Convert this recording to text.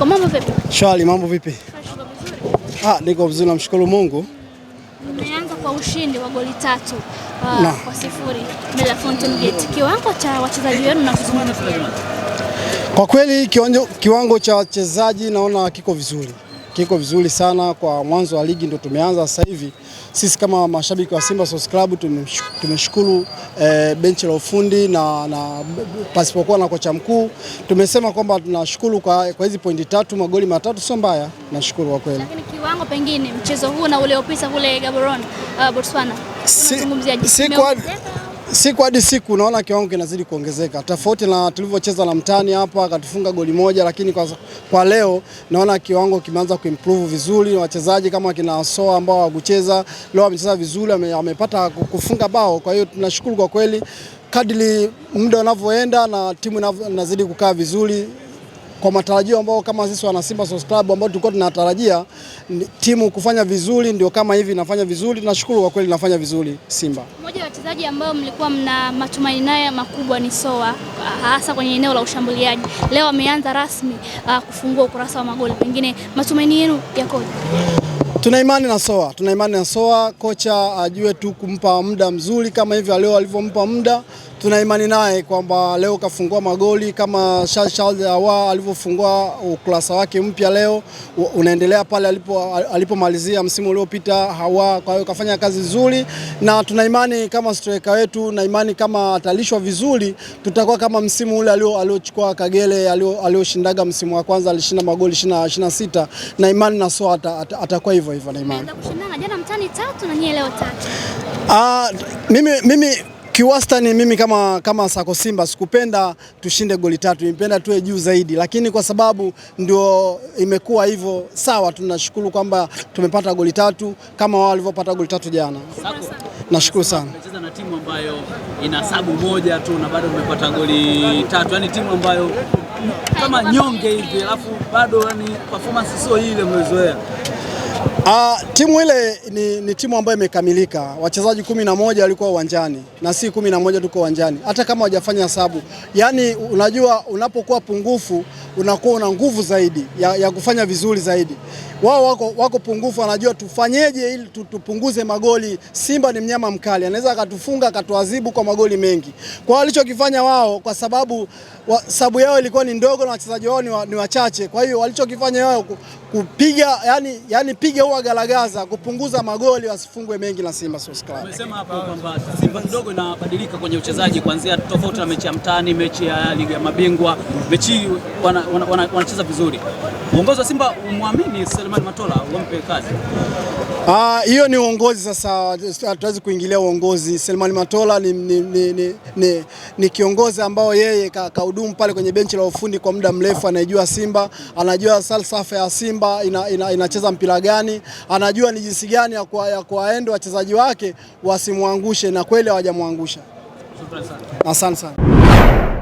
yako mambo vipi? Shwari, mambo vipi? Ah, niko vizuri namshukuru Mungu. Mmeanza kwa ushindi wa goli tatu uh, kwa sifuri bila Fountain Gate. Kiwango cha wachezaji wenu na kuzungumza. Kwa kweli kiwango, kiwango cha wachezaji naona kiko vizuri kiko vizuri sana kwa mwanzo wa ligi, ndio tumeanza sasa hivi. Sisi kama mashabiki wa Simba Sports Club tumeshukuru e, benchi la ufundi na, na pasipokuwa na kocha mkuu tumesema kwamba tunashukuru kwa, kwa hizi pointi tatu, magoli matatu sio mbaya, nashukuru kwa kweli. Lakini kiwango pengine mchezo huu na ule opisa kule Gaborone, uh, Botswana, si, si kwa siku hadi siku naona kiwango kinazidi kuongezeka, tofauti na tulivyocheza na mtani hapa akatufunga goli moja, lakini kwa, kwa leo naona kiwango kimeanza kuimprove vizuri. Wachezaji kama kina Soa ambao hawakucheza leo wamecheza vizuri, wamepata kufunga bao. Kwa hiyo tunashukuru kwa kweli, kadri muda unavyoenda na timu inazidi kukaa vizuri kwa matarajio ambao kama sisi wana Simba Sports Club ambao tulikuwa tunatarajia timu kufanya vizuri, ndio kama hivi inafanya vizuri. Tunashukuru kwa kweli, inafanya vizuri Simba wachezaji ambao mlikuwa mna matumaini naye makubwa ni Soa, hasa kwenye eneo la ushambuliaji, leo ameanza rasmi uh, kufungua ukurasa wa magoli, pengine matumaini yenu yakoje? Tuna imani na Soa, tuna imani na Soa. Kocha ajue tu kumpa muda mzuri kama hivyo leo alivyompa muda tuna imani naye kwamba leo kafungua magoli kama Charles Awa alivyofungua ukurasa wake mpya leo, unaendelea pale alipo alipomalizia msimu uliopita Hawa. Kwa hiyo kafanya kazi nzuri, na tuna imani kama striker wetu, na imani kama atalishwa vizuri, tutakuwa kama msimu ule aliochukua Kagere alioshindaga msimu wa kwanza, alishinda magoli 26 na imani na so atakuwa hivyo hivyo na imani. Ah, mimi mimi Kiwastani mimi kama, kama Sako Simba sikupenda tushinde goli tatu, nipenda tuwe juu zaidi, lakini kwa sababu ndio imekuwa hivyo, sawa. Tunashukuru kwamba tumepata goli tatu kama wao walivyopata goli tatu jana. Nashukuru sana. Unacheza na timu ambayo ina sabu moja tu na bado umepata goli tatu, yani timu ambayo kama nyonge hivi, alafu bado yani performance sio ile mliozoea. Uh, timu ile ni, ni timu ambayo imekamilika. Wachezaji kumi na moja walikuwa uwanjani na si kumi na moja tuko uwanjani, hata kama hawajafanya sabu. Yaani unajua unapokuwa pungufu unakuwa una nguvu zaidi ya, ya kufanya vizuri zaidi. Wao wako, wako pungufu, wanajua tufanyeje ili tupunguze magoli. Simba ni mnyama mkali, anaweza akatufunga akatuadhibu kwa magoli mengi. Kwa walichokifanya wao, kwa sababu wa, sabu yao ilikuwa ni ndogo na wachezaji wao ni wachache, kwa hiyo walichokifanya wao kupiga yani, yani piga Wapige huwa galagaza kupunguza magoli wasifungwe mengi na Simba Sports Club. Umesema hapa kwamba Simba kidogo inabadilika kwenye uchezaji kuanzia tofauti na mechi ya mtani, mechi ya ligi ya mabingwa, mechi hii wana, wana, wana, wanacheza vizuri. Uongozi wa Simba umwamini Selemani Matola, wampe kazi. Ah, ah, hiyo ni uongozi sasa, hatuwezi kuingilia uongozi. Selemani Matola ni, ni, ni, ni, ni, ni kiongozi ambao yeye kahudumu ka pale kwenye benchi la ufundi kwa muda mrefu, anajua Simba, anajua falsafa ya Simba inacheza ina, ina mpira gani, anajua ni jinsi gani ya kuwaenda wachezaji wake wasimwangushe, na kweli hawajamwangusha. Asante sana.